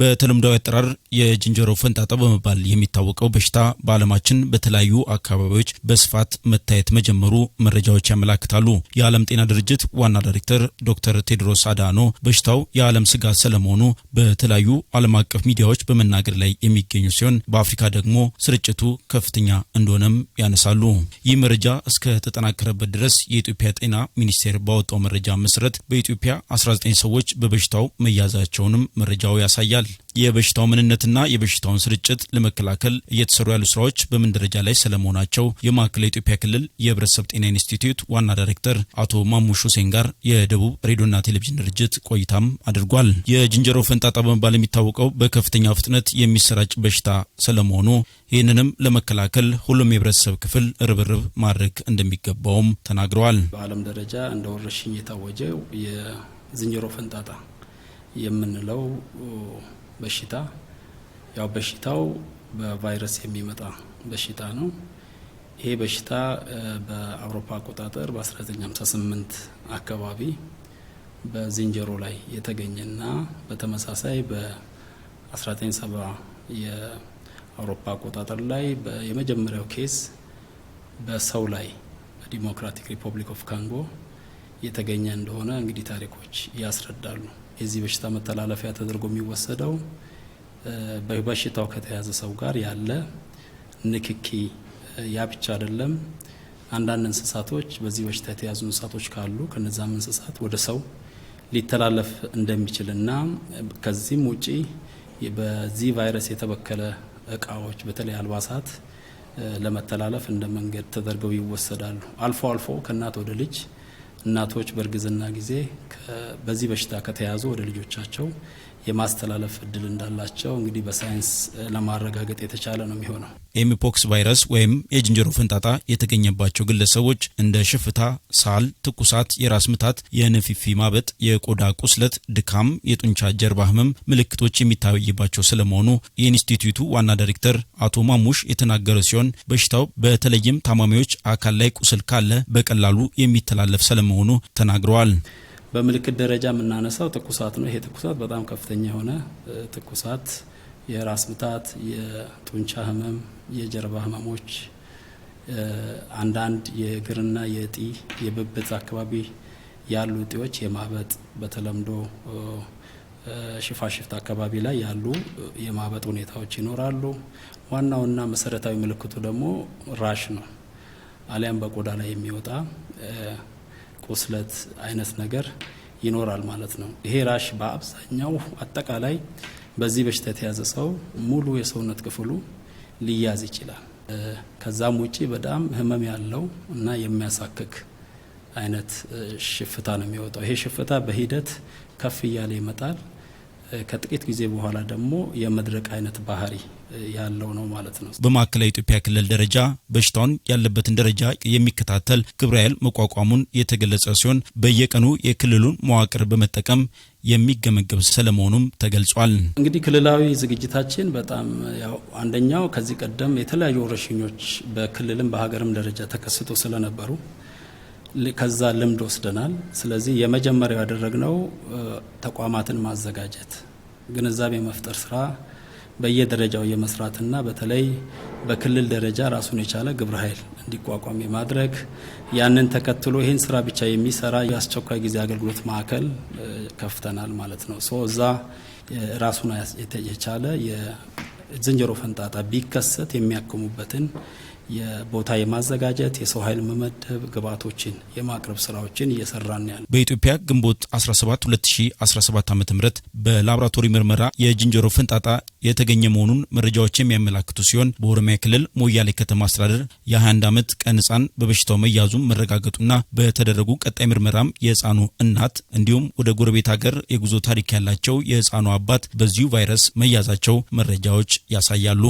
በተለምዶ አጠራር የዝንጀሮ ፈንጣጣ በመባል የሚታወቀው በሽታ በዓለማችን በተለያዩ አካባቢዎች በስፋት መታየት መጀመሩ መረጃዎች ያመላክታሉ። የዓለም ጤና ድርጅት ዋና ዳይሬክተር ዶክተር ቴድሮስ አድሃኖ በሽታው የዓለም ስጋት ስለመሆኑ በተለያዩ ዓለም አቀፍ ሚዲያዎች በመናገር ላይ የሚገኙ ሲሆን በአፍሪካ ደግሞ ስርጭቱ ከፍተኛ እንደሆነም ያነሳሉ። ይህ መረጃ ተጠናከረበት ድረስ የኢትዮጵያ ጤና ሚኒስቴር ባወጣው መረጃ መሰረት በኢትዮጵያ 19 ሰዎች በበሽታው መያዛቸውንም መረጃው ያሳያል። ተናግረዋል። የበሽታው ምንነትና የበሽታውን ስርጭት ለመከላከል እየተሰሩ ያሉ ስራዎች በምን ደረጃ ላይ ስለመሆናቸው የማዕከላዊ ኢትዮጵያ ክልል የህብረተሰብ ጤና ኢንስቲትዩት ዋና ዳይሬክተር አቶ ማሙሽ ሁሴን ጋር የደቡብ ሬዲዮና ቴሌቪዥን ድርጅት ቆይታም አድርጓል። የዝንጀሮ ፈንጣጣ በመባል የሚታወቀው በከፍተኛ ፍጥነት የሚሰራጭ በሽታ ስለመሆኑ ይህንንም ለመከላከል ሁሉም የህብረተሰብ ክፍል ርብርብ ማድረግ እንደሚገባውም ተናግረዋል። በዓለም ደረጃ እንደ ወረርሽኝ የታወጀው የዝንጀሮ ፈንጣጣ የምንለው በሽታ ያው በሽታው በቫይረስ የሚመጣ በሽታ ነው። ይሄ በሽታ በአውሮፓ አቆጣጠር በ1958 አካባቢ በዝንጀሮ ላይ የተገኘና በተመሳሳይ በ1970 የአውሮፓ አቆጣጠር ላይ የመጀመሪያው ኬስ በሰው ላይ በዲሞክራቲክ ሪፐብሊክ ኦፍ ካንጎ። የተገኘ እንደሆነ እንግዲህ ታሪኮች ያስረዳሉ። የዚህ በሽታ መተላለፊያ ተደርጎ የሚወሰደው በበሽታው ከተያዘ ሰው ጋር ያለ ንክኪ፣ ያ ብቻ አይደለም። አንዳንድ እንስሳቶች በዚህ በሽታ የተያዙ እንስሳቶች ካሉ ከነዛም እንስሳት ወደ ሰው ሊተላለፍ እንደሚችልና ከዚህም ውጪ በዚህ ቫይረስ የተበከለ እቃዎች በተለይ አልባሳት ለመተላለፍ እንደ መንገድ ተደርገው ይወሰዳሉ። አልፎ አልፎ ከእናት ወደ ልጅ እናቶች በእርግዝና ጊዜ በዚህ በሽታ ከተያዙ ወደ ልጆቻቸው የማስተላለፍ እድል እንዳላቸው እንግዲህ በሳይንስ ለማረጋገጥ የተቻለ ነው የሚሆነው። ኤምፖክስ ቫይረስ ወይም የዝንጀሮ ፈንጣጣ የተገኘባቸው ግለሰቦች እንደ ሽፍታ፣ ሳል፣ ትኩሳት፣ የራስ ምታት፣ የንፊፊ ማበጥ፣ የቆዳ ቁስለት፣ ድካም፣ የጡንቻ ጀርባ ህመም ምልክቶች የሚታይባቸው ስለመሆኑ የኢንስቲትዩቱ ዋና ዳይሬክተር አቶ ማሙሽ የተናገረ ሲሆን በሽታው በተለይም ታማሚዎች አካል ላይ ቁስል ካለ በቀላሉ የሚተላለፍ ስለመሆኑ ተናግረዋል። በምልክት ደረጃ የምናነሳው ትኩሳት ነው። ይሄ ትኩሳት በጣም ከፍተኛ የሆነ ትኩሳት፣ የራስ ምታት፣ የጡንቻ ህመም፣ የጀርባ ህመሞች፣ አንዳንድ የእግርና የእጢ የብብት አካባቢ ያሉ እጢዎች የማበጥ በተለምዶ ሽፋሽፍት አካባቢ ላይ ያሉ የማበጥ ሁኔታዎች ይኖራሉ። ዋናውና መሰረታዊ ምልክቱ ደግሞ ራሽ ነው፣ አሊያም በቆዳ ላይ የሚወጣ ቁስለት አይነት ነገር ይኖራል ማለት ነው። ይሄ ራሽ በአብዛኛው አጠቃላይ በዚህ በሽታ የተያዘ ሰው ሙሉ የሰውነት ክፍሉ ሊያዝ ይችላል። ከዛም ውጪ በጣም ህመም ያለው እና የሚያሳክክ አይነት ሽፍታ ነው የሚወጣው። ይሄ ሽፍታ በሂደት ከፍ እያለ ይመጣል። ከጥቂት ጊዜ በኋላ ደግሞ የመድረቅ አይነት ባህሪ ያለው ነው ማለት ነው። በማዕከላዊ ኢትዮጵያ ክልል ደረጃ በሽታውን ያለበትን ደረጃ የሚከታተል ግብረ ኃይል መቋቋሙን የተገለጸ ሲሆን በየቀኑ የክልሉን መዋቅር በመጠቀም የሚገመገብ ስለመሆኑም ተገልጿል። እንግዲህ ክልላዊ ዝግጅታችን በጣም ያው አንደኛው ከዚህ ቀደም የተለያዩ ወረሽኞች በክልልም በሀገርም ደረጃ ተከስቶ ስለነበሩ ከዛ ልምድ ወስደናል። ስለዚህ የመጀመሪያው ያደረግነው ተቋማትን ማዘጋጀት፣ ግንዛቤ መፍጠር ስራ በየደረጃው የመስራትና በተለይ በክልል ደረጃ ራሱን የቻለ ግብረ ኃይል እንዲቋቋም የማድረግ ያንን ተከትሎ ይህን ስራ ብቻ የሚሰራ የአስቸኳይ ጊዜ አገልግሎት ማዕከል ከፍተናል ማለት ነው። ሶ እዛ ራሱን የቻለ የዝንጀሮ ፈንጣጣ ቢከሰት የሚያክሙበትን የቦታ የማዘጋጀት የሰው ኃይል መመደብ ግብዓቶችን የማቅረብ ስራዎችን እየሰራን ያለ በኢትዮጵያ ግንቦት 17 2017 ዓ ም በላቦራቶሪ ምርመራ የዝንጀሮ ፍንጣጣ የተገኘ መሆኑን መረጃዎች የሚያመላክቱ ሲሆን በኦሮሚያ ክልል ሞያሌ ከተማ አስተዳደር የ21 ዓመት ቀን ህፃን በበሽታው መያዙም መረጋገጡና በተደረጉ ቀጣይ ምርመራም የህፃኑ እናት እንዲሁም ወደ ጎረቤት ሀገር የጉዞ ታሪክ ያላቸው የህፃኑ አባት በዚሁ ቫይረስ መያዛቸው መረጃዎች ያሳያሉ።